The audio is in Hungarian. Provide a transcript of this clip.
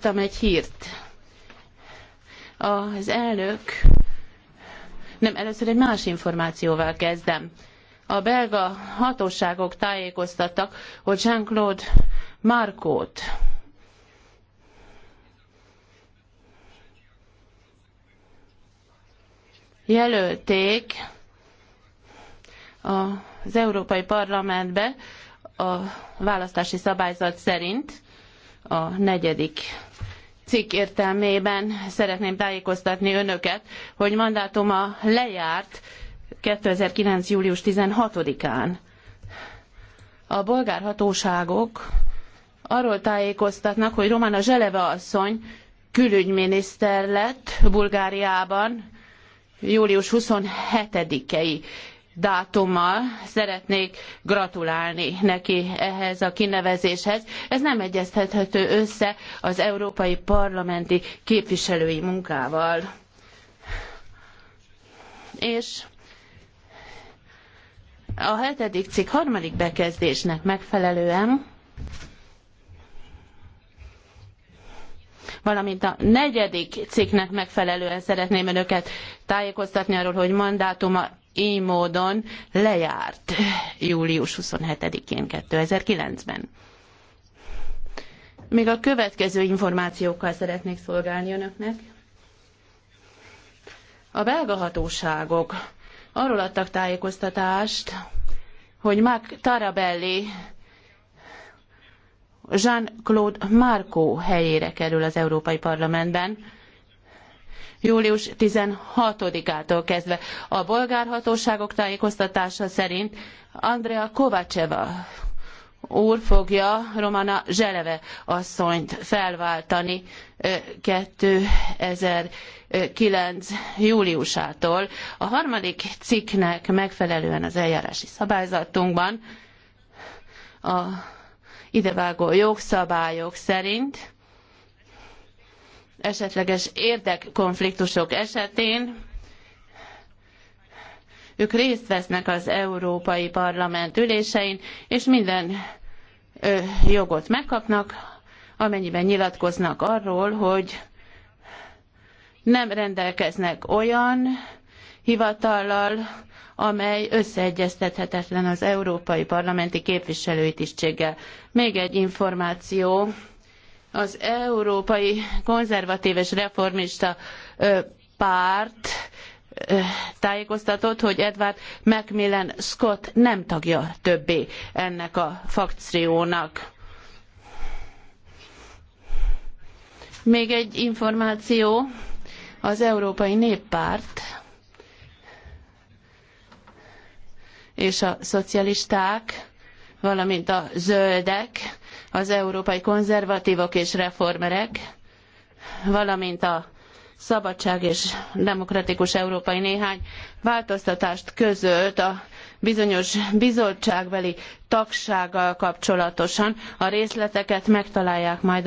kaptam egy hírt. Az elnök, nem, először egy más információval kezdem. A belga hatóságok tájékoztattak, hogy Jean-Claude Markót jelölték az Európai Parlamentbe a választási szabályzat szerint a negyedik cikk értelmében szeretném tájékoztatni önöket, hogy mandátuma lejárt 2009. július 16-án. A bolgár hatóságok arról tájékoztatnak, hogy Romana Zseleve asszony külügyminiszter lett Bulgáriában július 27-ei dátummal. Szeretnék gratulálni neki ehhez a kinevezéshez. Ez nem egyeztethető össze az európai parlamenti képviselői munkával. És a hetedik cikk harmadik bekezdésnek megfelelően valamint a negyedik cikknek megfelelően szeretném önöket tájékoztatni arról, hogy mandátuma így módon lejárt július 27-én 2009-ben. Még a következő információkkal szeretnék szolgálni önöknek. A belga hatóságok arról adtak tájékoztatást, hogy Mark Tarabelli Jean-Claude Marco helyére kerül az Európai Parlamentben, július 16-ától kezdve. A bolgár hatóságok tájékoztatása szerint Andrea Kovacseva úr fogja Romana Zseleve asszonyt felváltani 2009. júliusától. A harmadik cikknek megfelelően az eljárási szabályzatunkban a idevágó jogszabályok szerint esetleges érdekkonfliktusok esetén ők részt vesznek az Európai Parlament ülésein, és minden ö, jogot megkapnak, amennyiben nyilatkoznak arról, hogy nem rendelkeznek olyan hivatallal, amely összeegyeztethetetlen az európai parlamenti képviselői tisztséggel. Még egy információ, az európai konzervatív és reformista párt tájékoztatott, hogy Edward Macmillan Scott nem tagja többé ennek a fakciónak. Még egy információ, az Európai Néppárt és a szocialisták valamint a zöldek, az európai konzervatívok és reformerek, valamint a szabadság és demokratikus európai néhány változtatást közölt a bizonyos bizottságbeli tagsággal kapcsolatosan. A részleteket megtalálják majd a